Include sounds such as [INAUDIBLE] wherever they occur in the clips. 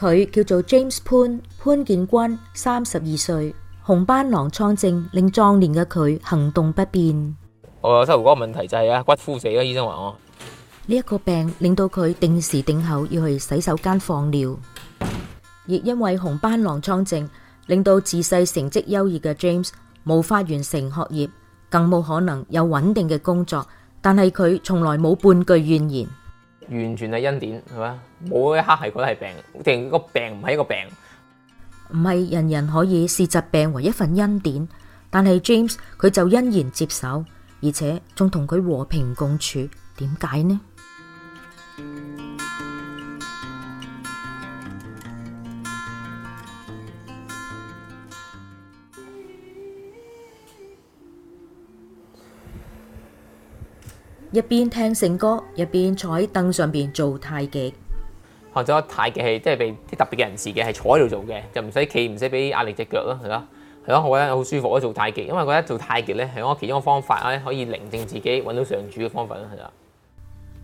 佢叫做 James 潘潘建軍，三十二歲，紅斑狼瘡症令壯年嘅佢行動不便。我阿師傅講嘅問題就係骨枯死啦，醫生話我呢一個病令到佢定時定候要去洗手間放尿，亦因為紅斑狼瘡症令到自細成績優異嘅 James 無法完成學業，更冇可能有穩定嘅工作。但係佢從來冇半句怨言。完全係恩典，係嘛？冇一刻係覺得係病，定個病唔係一個病。唔係人人可以視疾病為一份恩典，但係 James 佢就欣然接受，而且仲同佢和平共處。點解呢？一邊聽聖歌，一邊坐喺凳上邊做太極。學咗太極係，即係俾啲特別嘅人士嘅，係坐喺度做嘅，就唔使企，唔使俾壓力隻腳咯。係咯，係咯，我覺得好舒服啊。做太極，因為覺得做太極咧係我其中一個方法，啊，可以寧靜自己，搵到上主嘅方法咯。係啦，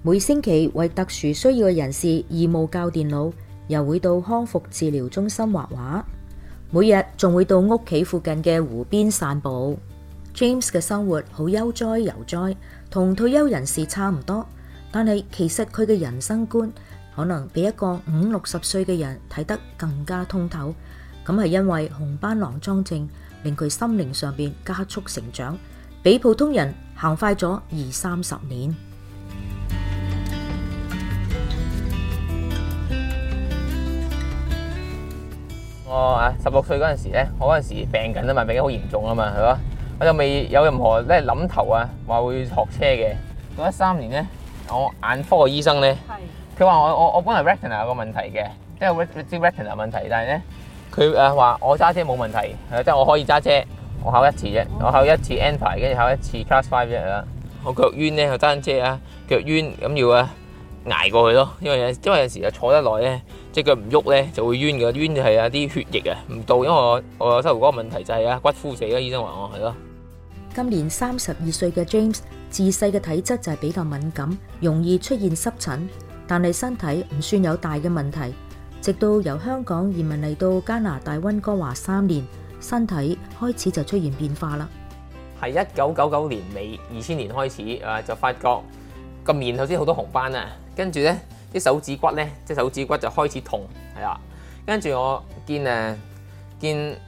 每星期為特殊需要嘅人士義務教電腦，又會到康復治療中心畫畫，每日仲會到屋企附近嘅湖邊散步。James 嘅生活好悠哉悠哉，同退休人士差唔多。但係其實佢嘅人生觀可能比一個五六十歲嘅人睇得更加通透。咁係因為紅斑狼瘡症令佢心靈上邊加速成長，比普通人行快咗二三十年。我、哦、啊，十六歲嗰陣時咧，我嗰陣時病緊啊嘛，病得好嚴重啊嘛，係嘛。我就未有任何咧諗頭啊，話會學車嘅。咁一三年咧，我眼科嘅醫生咧，佢話我我我本來 retina 有個問題嘅，即係 retina 問題，但係咧佢誒話我揸車冇問題，即係我可以揸車。我考一次啫，我考一次 entry 跟住考一次 class five 啫啦。我腳冤咧，我揸車啊，腳冤咁要啊挨過去咯。因為因為有時啊坐得耐咧，即係腳唔喐咧就會冤嘅，冤就係啊啲血液啊唔到。因為我我膝頭哥問題就係啊骨枯死啦，醫生話我係咯。今年三十二歲嘅 James 自細嘅體質就係比較敏感，容易出現濕疹，但係身體唔算有大嘅問題。直到由香港移民嚟到加拿大溫哥華三年，身體開始就出現變化啦。係一九九九年尾二千年開始啊，就發覺個面好似好多紅斑啊，跟住呢啲手指骨呢，即手指骨就開始痛，係啦，跟住我見誒見。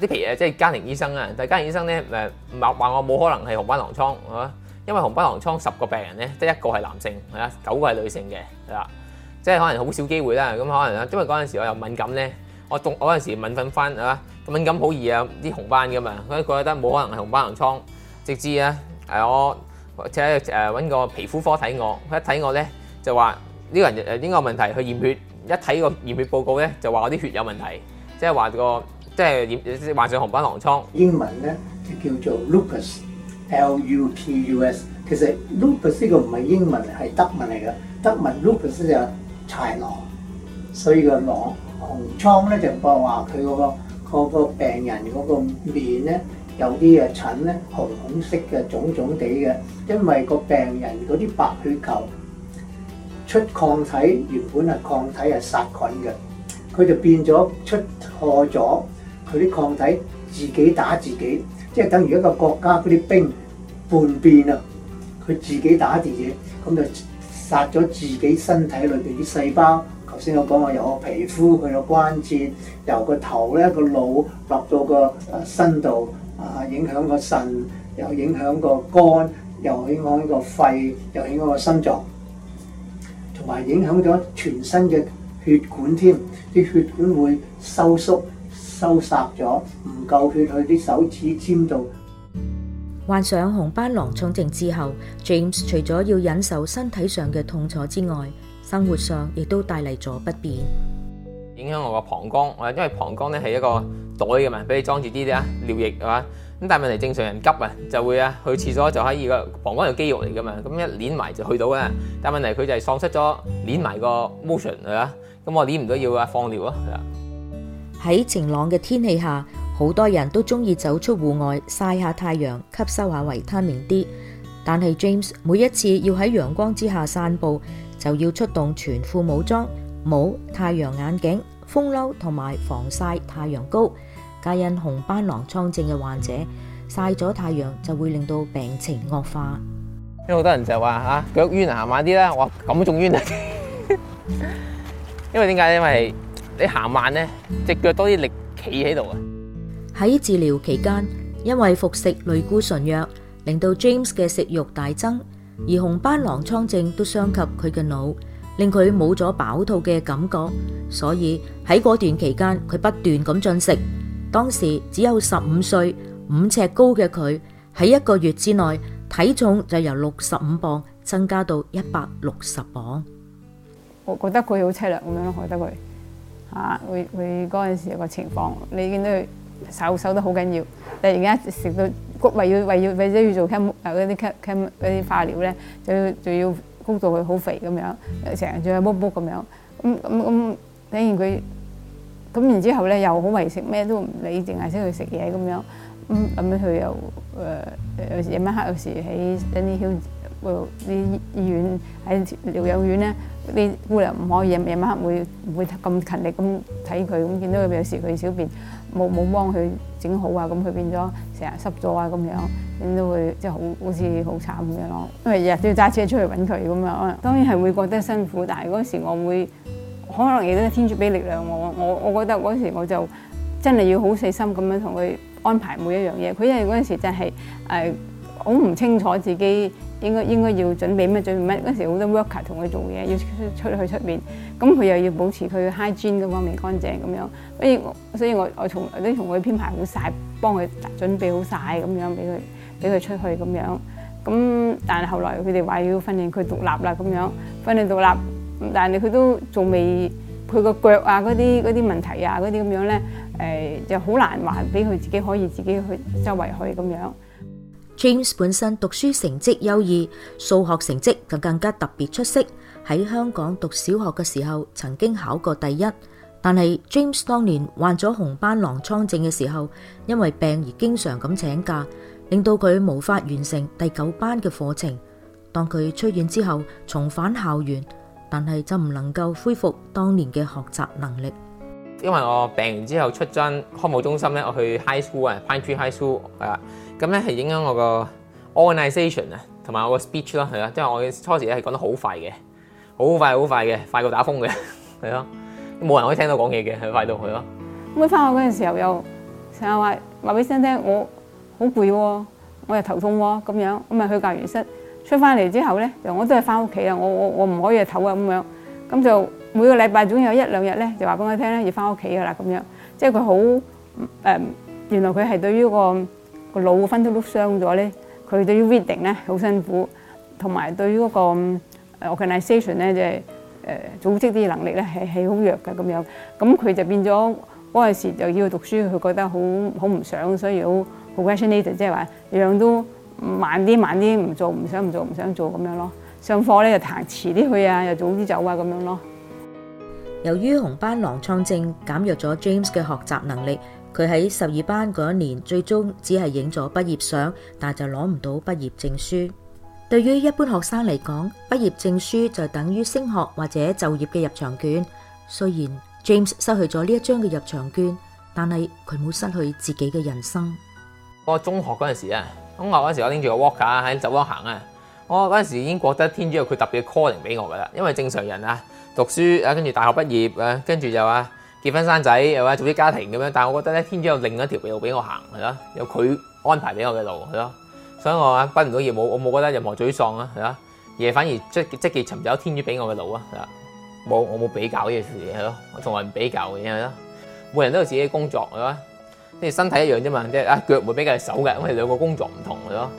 啲嘢即係家庭醫生啊！但係家庭醫生咧誒話我冇可能係紅斑狼瘡啊，因為紅斑狼瘡十個病人咧得一個係男性，係啊九個係女性嘅，係啦，即係可能好少機會啦。咁可能啊因為嗰陣時我又敏感咧，我動我嗰陣時敏瞓翻啊，敏感好易啊啲紅斑㗎嘛，所以佢覺得冇可能係紅斑狼瘡。直至啊係我，而且誒揾個皮膚科睇我，佢一睇我咧就話呢個人誒應該有問題去驗血，一睇個驗血報告咧就話我啲血有問題，即係話個。即係染，即係患上紅斑狼瘡。英文咧就叫做 lupus，L-U-P-U-S。其實 lupus 呢個唔係英文，係德文嚟嘅。德文 lupus 就係豺狼，所以狼、嗰個狼紅瘡咧就講話佢嗰個病人嗰個面咧有啲嘅疹咧紅紅色嘅、腫腫地嘅，因為個病人嗰啲白血球出抗體，原本係抗體係殺菌嘅，佢就變咗出錯咗。佢啲抗體自己打自己，即係等於一個國家嗰啲兵叛變啊！佢自己打自己，咁就殺咗自己身體裏邊啲細胞。頭先我講話由個皮膚佢個關節，由個頭咧個腦落到個身度啊，影響個腎，又影響個肝，又影響個肺，又影響個心臟，同埋影響咗全身嘅血管，添啲血管會收縮。收縮咗，唔夠血去啲手指尖度。患上紅斑狼瘡症之後，James 除咗要忍受身體上嘅痛楚之外，生活上亦都帶嚟咗不便。影響我個膀胱，誒，因為膀胱咧係一個袋㗎嘛，俾你裝住啲啲啊尿液係嘛。咁但係問題，正常人急啊，就會啊去廁所就可以個膀胱有肌肉嚟噶嘛，咁一捏埋就去到啦。但係問題佢就係喪失咗捏埋個 motion 係嘛，咁我捏唔到要啊放尿咯。喺晴朗嘅天氣下，好多人都中意走出戶外曬下太陽，吸收下維他命 D。但係 James 每一次要喺陽光之下散步，就要出動全副武裝：帽、太陽眼鏡、風褸同埋防曬太陽膏。皆因紅斑狼瘡症嘅患者曬咗太陽就會令到病情惡化。因好多人就話啊，腳冤痕，慢啲啦。我話咁仲冤啊， [LAUGHS] 因為點解？因為你行慢呢，隻腳多啲力，企喺度啊。喺治療期間，因為服食類固醇藥，令到 James 嘅食欲大增，而紅斑狼瘡症都傷及佢嘅腦，令佢冇咗飽肚嘅感覺，所以喺嗰段期間，佢不斷咁進食。當時只有十五歲，五尺高嘅佢，喺一個月之內，體重就由六十五磅增加到一百六十磅。我覺得佢好淒涼咁樣咯，我覺得佢。啊，會會嗰陣時有個情況，你見到佢瘦瘦得好緊要，但係而家食到谷為要為要為咗要做嗰啲嗰啲化療咧，就要就要谷到佢好肥咁樣，成日仲有卜卜咁樣，咁咁咁，等完佢，咁然之後咧又好為食，咩都唔理，淨係識去食嘢咁樣，咁咁樣佢又誒，有時夜晚黑有時喺啲啲醫院喺療養院咧。啲姑娘唔可以夜夜晚黑會唔會咁勤力咁睇佢，咁見到佢有時佢小便冇冇幫佢整好啊，咁佢變咗成日濕咗啊，咁樣咁都會即係好好似好慘咁樣咯。因為日日都要揸車出去揾佢咁啊，當然係會覺得辛苦，但係嗰時我會可能亦都係天主俾力量我，我我覺得嗰時我就真係要好細心咁樣同佢安排每一樣嘢。佢因為嗰陣時就係誒。呃好唔清楚自己應該應該要準備乜準備乜，嗰時好多 worker 同佢做嘢，要出去出面。咁佢又要保持佢 hygiene 嘅方面乾淨咁樣。所以我所以我我從來都同佢編排好晒，幫佢準備好晒咁樣俾佢俾佢出去咁樣。咁但係後來佢哋話要訓練佢獨立啦咁樣，訓練獨立，但係佢都仲未，佢個腳啊嗰啲啲問題啊嗰啲咁樣咧，誒就好難還俾佢自己可以自己去周圍去咁樣。James 本身讀書成績優異，數學成績就更加特別出色。喺香港讀小學嘅時候，曾經考過第一。但係 James 當年患咗紅斑狼瘡症嘅時候，因為病而經常咁請假，令到佢無法完成第九班嘅課程。當佢出院之後，重返校園，但係就唔能夠恢復當年嘅學習能力。因為我病完之後出真康復中心咧，我去 high school 啊，Pine Tree High School 咁咧係影響我個 organisation 啊，同埋我個 speech 咯，係啊，即係我初時咧係講得好快嘅，好快好快嘅，快到打風嘅，係咯，冇人可以聽到講嘢嘅，係快到去咯。咁佢翻學嗰陣時候又成日話話俾聲聽，我好攰，我又頭痛喎，咁樣咁咪去教員室出翻嚟之後咧，就我都係翻屋企啊，我我我唔可以係唞啊咁樣，咁就每個禮拜總有一兩日咧就話俾我聽咧要翻屋企噶啦咁樣，即係佢好誒，原來佢係對於個。個腦個 function 都傷咗咧，佢對於 reading 咧好辛苦，同埋對於嗰個 organisation 咧即係誒組織啲能力咧係係好弱嘅咁樣，咁佢就變咗嗰陣時就要去讀書，佢覺得好好唔想，所以好 passionate 即係話樣樣都慢啲慢啲唔做唔想唔做唔想做咁樣咯，上課咧又彈遲啲去啊，又早啲走啊咁樣咯。由於紅斑狼瘡症減弱咗 James 嘅學習能力。佢喺十二班嗰一年，最終只係影咗畢業相，但係就攞唔到畢業證書。對於一般學生嚟講，畢業證書就等於升學或者就業嘅入場券。雖然 James 失去咗呢一張嘅入場券，但係佢冇失去自己嘅人生。我中學嗰陣時啊，中學嗰陣時我拎住個 walk 架，喺走廊行啊，我嗰陣時已經覺得天主教佢特別 calling 俾我噶啦，因為正常人啊讀書啊，跟住大學畢業啊，跟住就啊。結婚生仔又或者組織家庭咁樣，但係我覺得咧，天主有另一條路俾我行係咯，有佢安排俾我嘅路係咯，所以我啊，奔唔到嘢冇，我冇覺得任何沮喪啊係咯，而係反而積極積極尋找天主俾我嘅路啊係啦，冇我冇比較嘅事係咯，我從來唔比較嘅嘢咯，每人都有自己嘅工作係嘛，即係身體一樣啫嘛，即係啊腳會比較手嘅，因為兩個工作唔同係咯，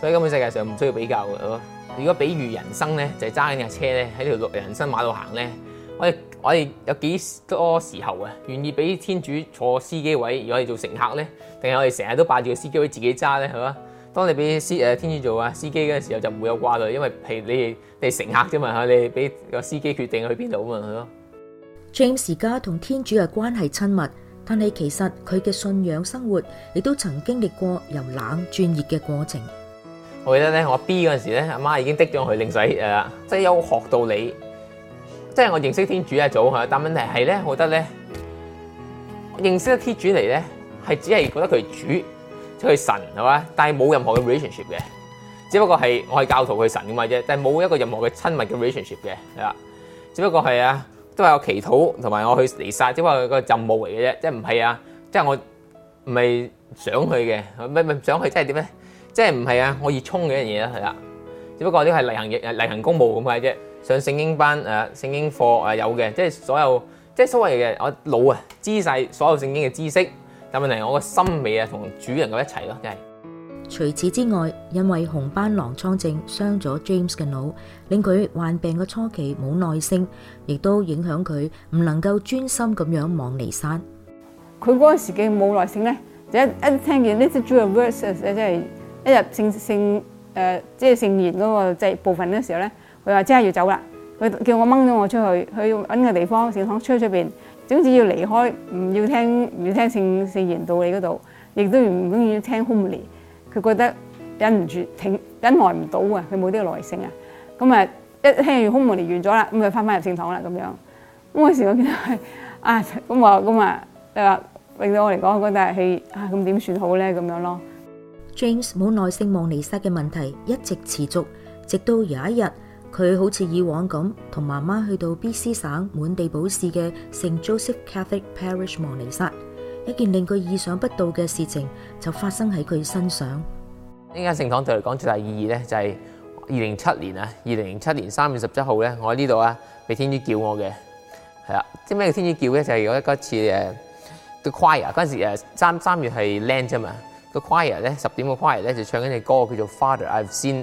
所以根本世界上唔需要比較嘅咯。如果比喻人生咧，就係揸緊架車咧喺條人生馬路行咧。我哋我哋有幾多時候啊？願意俾天主坐司機位，如果我哋做乘客咧，定係我哋成日都霸住個司機位自己揸咧？係嘛？當你俾司誒天主做啊司機嗰陣時候，就唔會有掛慮，因為譬如你哋你係乘客啫嘛嚇，你俾個司機決定去邊度啊嘛係咯。James 而家同天主嘅關係親密，但係其實佢嘅信仰生活亦都曾經歷過由冷轉熱嘅過程。我記得咧，我 B 嗰陣時咧，阿媽已經逼咗佢領洗。誒，即係有學道理。即係我認識天主一早吓，但問題係咧，我覺得咧，認識咗天主嚟咧，係只係覺得佢主，佢神係嘛，但係冇任何嘅 relationship 嘅，只不過係我係教徒，佢神咁嘛啫，但係冇一個任何嘅親密嘅 relationship 嘅，係啦，只不過係啊，都係我祈禱同埋我去彌撒，只係個任務嚟嘅啫，即係唔係啊，即係我唔係想去嘅，唔唔想去，即係點咧？即係唔係啊，我熱衷嘅一樣嘢啦，係啦，只不過呢係例行例行公務咁嘅啫。上聖經班，誒，聖經課，誒，有嘅，即係所有，即係所謂嘅我腦啊，知曬所有聖經嘅知識。但問題我個心未啊同主人咁一齊咯，就係。除此之外，因為紅斑狼瘡症傷咗 James 嘅腦，令佢患病嘅初期冇耐性，亦都影響佢唔能夠專心咁樣望尼山。佢嗰陣時嘅冇耐性咧，一聽、就是、一聽見呢 these Jewish words 即係一入聖聖誒即係聖言嗰個即係部分嘅時候咧。佢話即係要走啦，佢叫我掹咗我出去，去揾個地方聖堂出出邊，總之要離開，唔要聽唔要聽聖聖言到你嗰度，亦都唔中意聽 homily。佢覺得忍唔住，挺忍耐唔到啊！佢冇呢個耐性啊！咁啊，一聽完 homily 完咗啦，咁佢翻翻入聖堂啦咁樣。咁嗰時我見到佢啊，咁我咁啊，你話令到我嚟講我覺得係啊，咁點算好咧？咁樣咯。James 冇耐性望離失嘅問題一直持續，直到有一日。佢好似以往咁，同媽媽去到 B.C 省滿地寶市嘅聖約瑟 Catholic Parish 望尼沙，一件令佢意想不到嘅事情就發生喺佢身上。呢間聖堂對我嚟講最大意義咧，就係二零七年啊，二零零七年三月十七號咧，我喺呢度啊，被天主叫我嘅，係啊，即咩？天主叫咧？就係有一次、uh, The choir 嗰陣時三三、uh, 月係 land 啫嘛，個 choir 咧十點個 choir 咧就唱緊隻歌叫做《Father I've Seen》。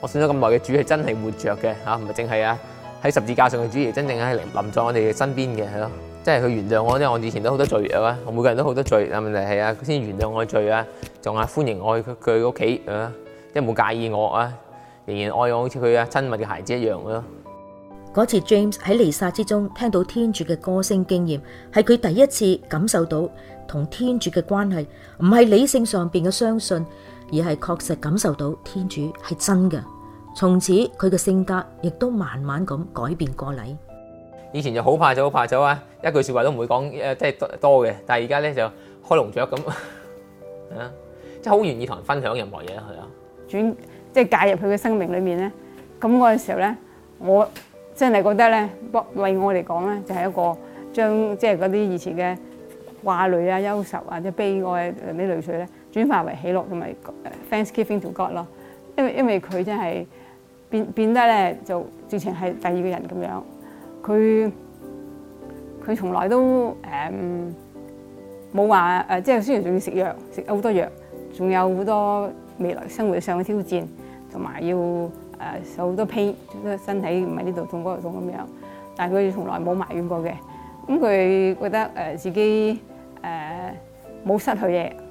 我信咗咁耐嘅主係真係活着嘅，嚇唔係淨係啊喺十字架上嘅主，而真正係臨在我哋身邊嘅。係咯，即係佢原諒我，即係我以前都好多罪啊，我每個人都好多罪，但問題係啊，佢先原諒我的罪啊，仲啊歡迎我去佢屋企啊，即係冇介意我啊，仍然愛我好似佢啊親密嘅孩子一樣咯。嗰次 James 喺彌撒之中聽到天主嘅歌聲經驗，係佢第一次感受到同天主嘅關係，唔係理性上邊嘅相信。而係確實感受到天主係真嘅，從此佢嘅性格亦都慢慢咁改變過嚟。以前就好怕醜好怕醜啊，一句說話都唔會講誒，即係多嘅。但係而家咧就開籠雀咁啊，即係好願意同人分享任何嘢佢啊。轉即係介入佢嘅生命裏面咧，咁嗰陣時候咧，我真係覺得咧，不為我嚟講咧，就係、是、一個將即係嗰啲以前嘅掛慮啊、憂愁啊、即係悲哀誒啲淚水咧。轉化為喜樂同埋 Thanksgiving、uh, to God 咯，因為因為佢真係變變得咧就直情係第二個人咁樣，佢佢從來都誒冇話誒，即係雖然仲要食藥，食好多藥，仲有好多未來生活上嘅挑戰，同埋要誒、呃、受好多 pain，身體唔喺呢度痛嗰度痛咁樣，但係佢從來冇埋怨過嘅，咁、嗯、佢覺得誒、呃、自己誒冇、呃、失去嘢。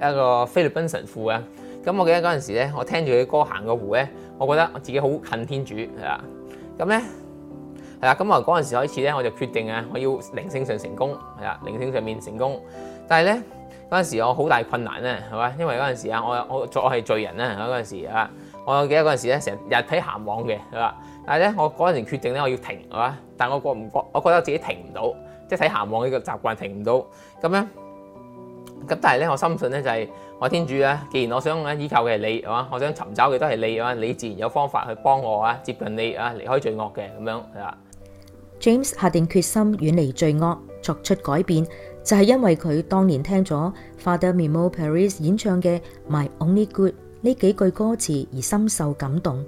一個菲律賓神父啊，咁我記得嗰陣時咧，我聽住佢歌行個湖咧，我覺得我自己好近天主係啊，咁咧係啊，咁啊嗰陣時開始咧，我就決定啊，我要靈性上成功係啊，靈性上面成功，但係咧嗰陣時我好大困難咧係嘛，因為嗰陣時啊，我我作係罪人咧嗰陣時啊，我記得嗰陣時咧成日睇鹹網嘅係啊，但係咧我嗰陣時決定咧我要停係嘛，但我覺唔覺我覺得我自己停唔到，即係睇鹹網呢個習慣停唔到，咁咁但係咧，我深信咧就係、是、我天主啊，既然我想依靠嘅係你，係嘛，我想尋找嘅都係你，係嘛，你自然有方法去幫我啊，接近你啊，離開罪惡嘅咁樣，係啊。James 下定決心遠離罪惡，作出改變，就係、是、因為佢當年聽咗 Father Mimo Paris 演唱嘅 My Only Good 呢幾句歌詞而深受感動。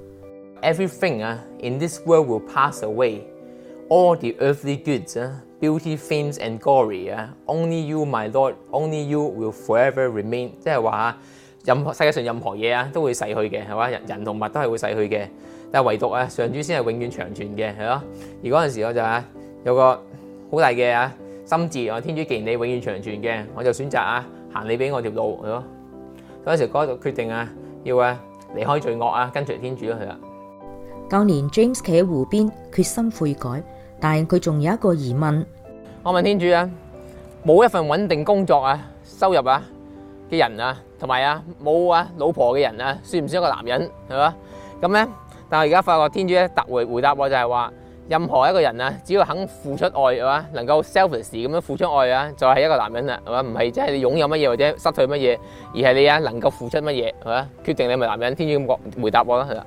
Everything 啊，in this world will pass away，all the earthly goods 啊。Beauty, fame and glory 啊，Only you, my lord, only you will forever remain。即係話任何世界上任何嘢啊，都會逝去嘅，係嘛，人同物都係會逝去嘅。但係唯獨啊，上主先係永遠長存嘅，係咯。而嗰陣時我就啊，有個好大嘅啊心智啊，天主既然你永遠長存嘅，我就選擇啊，行你俾我條路，係咯。嗰陣時度就決定啊，要啊離開罪惡啊，跟隨天主去啦。當年 James 企喺湖邊，決心悔改。但係佢仲有一個疑問，我問天主啊，冇一份穩定工作啊、收入啊嘅人啊，同埋啊冇啊老婆嘅人啊，算唔算一個男人係嘛？咁咧，但係而家發覺天主咧特回回答我就係話，任何一個人啊，只要肯付出愛係嘛，能夠 selfish 咁樣付出愛啊，就係一個男人啦，係嘛？唔係即係你擁有乜嘢或者失去乜嘢，而係你啊能夠付出乜嘢係嘛？決定你係咪男人，天主咁講回答我啦係啦。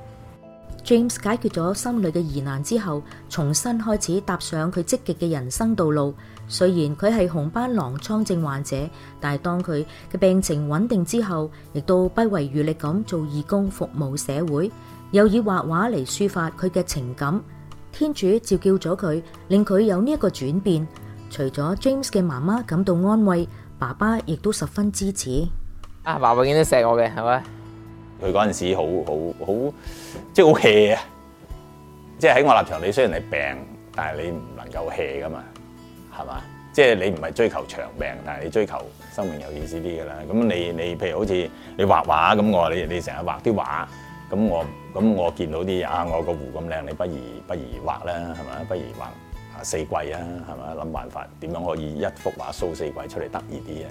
James 解決咗心裏嘅疑難之後，重新開始踏上佢積極嘅人生道路。雖然佢係紅斑狼瘡症患者，但係當佢嘅病情穩定之後，亦都不遺餘力咁做義工服務社會，又以畫畫嚟抒發佢嘅情感。天主召叫咗佢，令佢有呢一個轉變。除咗 James 嘅媽媽感到安慰，爸爸亦都十分支持。啊，爸爸見都錫我嘅係咪？佢嗰陣時好好好，即係好 hea 啊！即係喺我立場，你雖然係病，但係你唔能夠 hea 噶嘛，係嘛？即係你唔係追求長命，但係你追求生命有意思啲噶啦。咁你你譬如好似你畫畫咁，我你你成日畫啲畫，咁我咁我見到啲啊，我個湖咁靚，你不如不如畫啦，係咪？不如畫啊四季啊，係咪？諗辦法點樣可以一幅畫掃四季出嚟得意啲啊？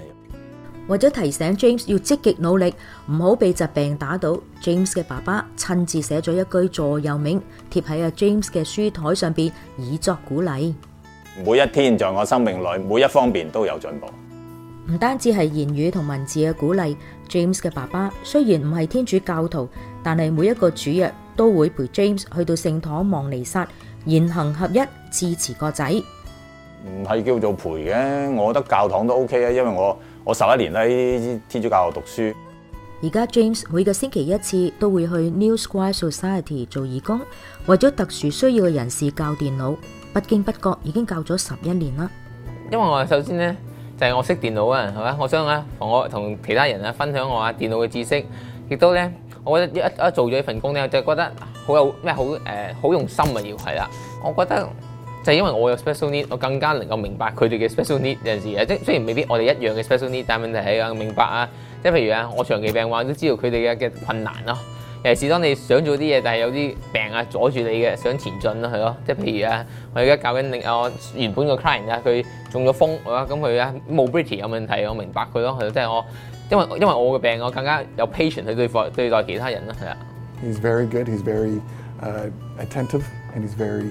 為咗提醒 James 要積極努力，唔好被疾病打倒，James 嘅爸爸親自寫咗一句座右銘，貼喺阿 James 嘅書檯上邊，以作鼓勵。每一天在我生命裏，每一方面都有進步。唔單止係言語同文字嘅鼓勵，James 嘅爸爸雖然唔係天主教徒，但係每一個主日都會陪 James 去到聖堂望彌撒，言行合一，支持個仔。唔係叫做陪嘅，我覺得教堂都 OK 啊，因為我。我十一年喺天主教學校讀書。而家 James 每個星期一次都會去 New Square Society 做義工，為咗特殊需要嘅人士教電腦，不經不覺已經教咗十一年啦。因為我首先呢，就係、是、我識電腦啊，係咪？我想咧、啊、同我同其他人咧分享我啊電腦嘅知識，亦都呢，我覺得一一做咗一份工咧就覺得好有咩好誒，好、呃、用心啊要係啦。我覺得。就係 [MUSIC] [MUSIC] 因為我有 special need，我更加能夠明白佢哋嘅 special need。有陣時啊，即係雖然未必我哋一樣嘅 special need，但問題係啊，明白啊。即係譬如啊，我長期病患都知道佢哋嘅嘅困難咯。尤其是當你想做啲嘢，但係有啲病啊阻住你嘅想前進咯，係咯。即係譬如啊，我而家教緊你啊，原本個 client 啊，佢中咗風啊，咁佢啊 mobility 有問題，我明白佢咯，係咯。即係我因為因為我嘅病，我更加有 patience 去對待對待其他人咯。係啊，He's very good, he's very attentive, and he's very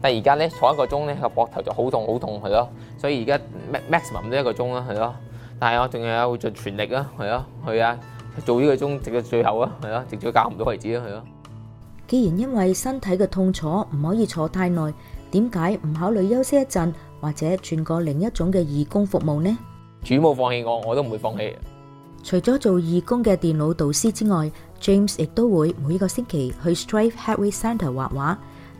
但而家咧，坐一個鐘咧，個膊頭就好痛好痛，係咯，所以而家 maximum 都一個鐘啦係咯，但係我仲要會盡全力啦係咯，去啊做呢個鐘直到最後啊係啊，直到搞唔到為止啊係咯。既然因為身體嘅痛楚唔可以坐太耐，點解唔考慮休息一陣或者轉過另一種嘅義工服務呢？主冇放棄我，我都唔會放棄。除咗做義工嘅電腦導師之外，James 亦都會每一個星期去 Strive Heritage Centre 畫畫。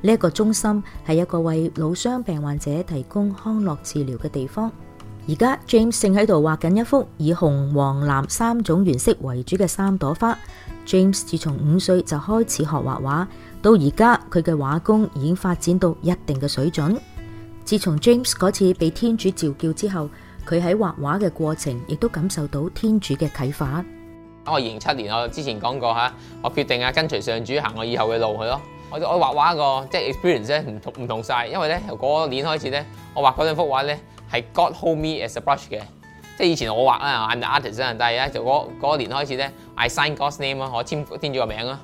呢個中心係一個為老傷病患者提供康樂治療嘅地方。而家 James 正喺度畫緊一幅以紅、黃、藍三種原色為主嘅三朵花。James 自從五歲就開始學畫畫，到而家佢嘅畫工已經發展到一定嘅水準。自從 James 嗰次被天主召叫之後，佢喺畫畫嘅過程亦都感受到天主嘅啟發。我二零七年我之前講過吓，我決定啊跟隨上主行我以後嘅路去咯。我我畫畫個即係 experience 咧，唔同唔同晒，因為咧由嗰年開始咧，我畫嗰兩幅畫咧係 God hold me as a brush 嘅，即係以前我畫啊，I'm the artist 啊，但係咧就嗰年開始咧，I sign God's name 咯，我簽天主個名咯。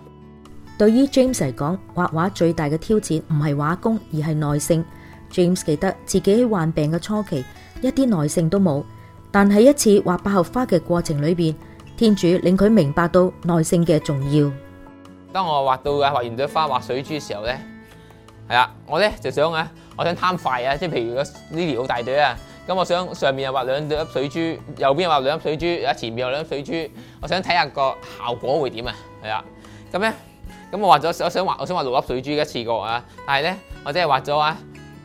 對於 James 嚟講，畫畫最大嘅挑戰唔係畫工而係耐性。James 記得自己喺患病嘅初期一啲耐性都冇，但係一次畫百合花嘅過程裏邊，天主令佢明白到耐性嘅重要。當我畫到啊畫完咗花，畫水珠嘅時候咧，係啊，我咧就想啊，我想貪快啊，即係譬如嗰呢好大朵啊，咁我想上面又畫兩粒水珠，右邊又畫兩粒水珠，啊前面又兩粒水珠，我想睇下個效果會點啊，係啊，咁咧，咁我畫咗我，我想畫我想畫六粒水珠一次過啊，但係咧我只係畫咗啊。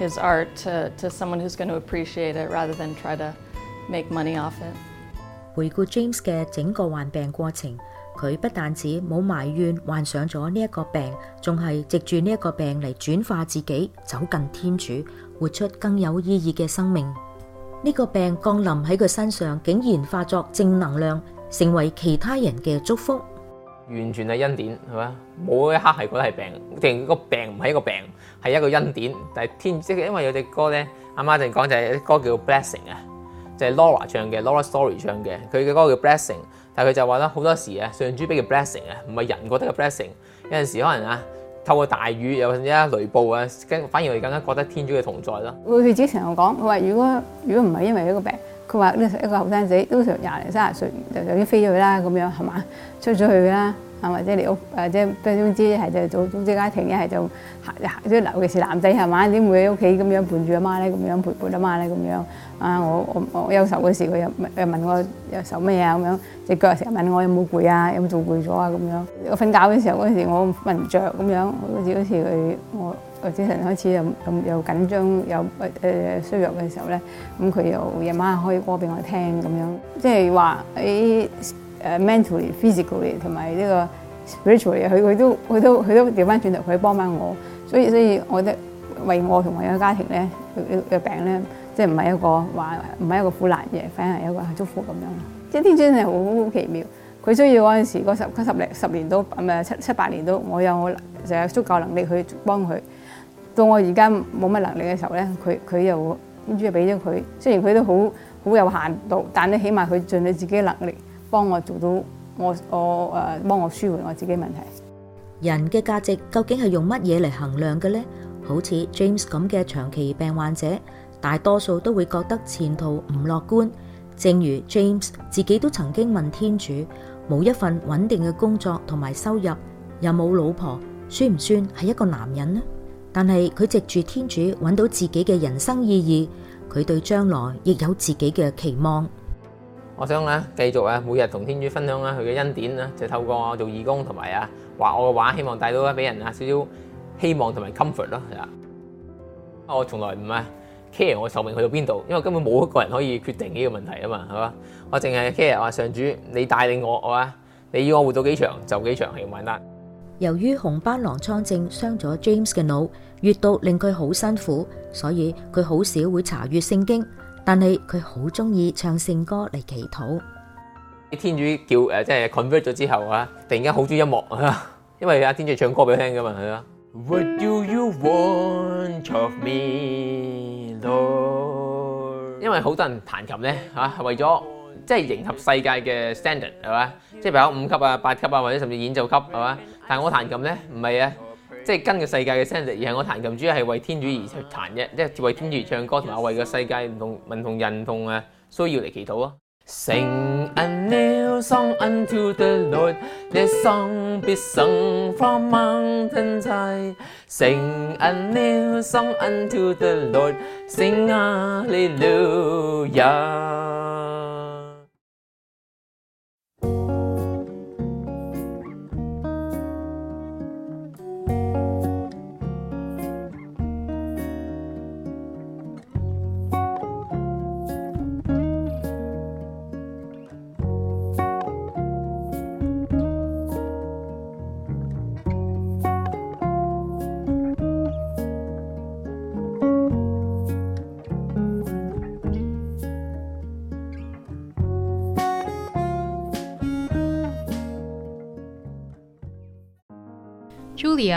His art to, to someone who's going to appreciate it, rather than try to make money off it. 回顧 James 嘅整個患病過程，佢不但止冇埋怨患上咗呢一個病，仲係藉住呢一個病嚟轉化自己，走近天主，活出更有意義嘅生命。呢個病降臨喺佢身上，竟然化作正能量，成為其他人嘅祝福。完全係恩典，係嘛？冇一刻係覺得係病，定然個病唔係一個病，係一個恩典。但係天主，即係因為有隻歌咧，阿媽就講就係歌叫《Blessing》啊，就係、是、Laura 唱嘅，Laura Story 唱嘅，佢嘅歌叫《Blessing》，但係佢就話啦，好多時啊，上主俾嘅 blessing 啊，唔係人覺得嘅 blessing，有陣時可能啊，透過大雨又或者啊雷暴啊，跟反而我哋更加覺得天主嘅同在啦。我哋之前又講，我話如果如果唔係因為呢個病。佢話呢一個後生仔都成廿零三十歲，就就已經飛咗去啦，咁樣係嘛？出咗去噶啦。啊，或者你屋，誒即係點樣之係就組組家庭，一係就即係尤其是男仔，係嘛？點會喺屋企咁樣伴住阿媽咧，咁樣陪伴阿媽咧，咁樣啊，我我我有受嘅時，佢又問又問我又乜嘢啊，咁樣隻腳成日問我有冇攰啊，有冇做攰咗啊，咁樣我瞓覺嘅時候嗰時候我瞓唔着。咁樣好似好似佢我個精神開始又又又緊張又誒衰弱嘅時候咧，咁佢又夜晚開歌俾我聽，咁樣即係話喺。就是誒、uh，mentally physically, he, he, he, he、physically 同埋呢個 spiritually，佢佢都佢都佢都調翻轉頭，佢幫翻我，所以所以，我覺得為我同我有家庭咧，嘅、這個、病咧，即係唔係一個話唔係一個苦難嘅，反而係一個祝福咁樣。即、就、係、是、天主真係好好奇妙，佢需要嗰陣時候十，十嗰十年，十年都，唔係七七八年都，我有我就有、是、足夠能力去幫佢。到我而家冇乜能力嘅時候咧，佢佢又天主又俾咗佢。雖然佢都好好有限度，但你起碼佢盡你自己嘅能力。幫我做到我我、誒，幫我舒緩我自己問題。人嘅價值究竟係用乜嘢嚟衡量嘅呢？好似 James 咁嘅長期病患者，大多數都會覺得前途唔樂觀。正如 James 自己都曾經問天主：「冇一份穩定嘅工作同埋收入，又冇老婆，算唔算係一個男人呢？」但係佢藉住天主揾到自己嘅人生意義，佢對將來亦有自己嘅期望。我想啊，繼續啊，每日同天主分享啊，佢嘅恩典啊，就透過我做義工同埋啊，話我嘅話，希望帶到啊，俾人啊少少希望同埋 comfort 咯。啊，我從來唔係 care 我壽命去到邊度，因為根本冇一個人可以決定呢個問題啊嘛，係嘛？我淨係 care 話上主，你帶領我，我嘛？你要我活到幾長就幾長，係唔捱得。由於紅斑狼瘡症傷咗 James 嘅腦，閲讀令佢好辛苦，所以佢好少會查閲聖經。但係佢好中意唱聖歌嚟祈禱。啲天主叫誒，即係 convert 咗之後啊，突然間好中意音樂啊，因為阿天主唱歌俾佢聽噶嘛，係啊。What do you want of me, Lord？因為好多人彈琴咧嚇，為咗即係迎合世界嘅 standard 係嘛，即係譬如講五級啊、八級啊，或者甚至演奏級係嘛，但係我彈琴咧唔係啊。即係跟個世界嘅聲值，而係我彈琴主要係為天主而彈嘅，即係為天主而唱歌，同埋為個世界唔同民同人同誒需要嚟祈禱咯。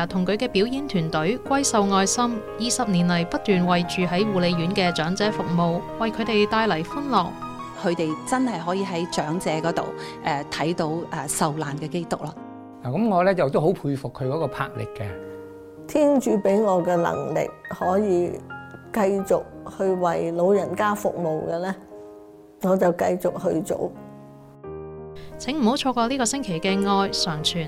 同佢嘅表演團隊歸受愛心，二十年嚟，不斷為住喺護理院嘅長者服務，為佢哋帶嚟歡樂。佢哋真係可以喺長者嗰度誒睇到誒受難嘅基督咯。咁我咧就都好佩服佢嗰個魄力嘅。天主俾我嘅能力可以繼續去為老人家服務嘅咧，我就繼續去做。請唔好錯過呢個星期嘅愛常傳。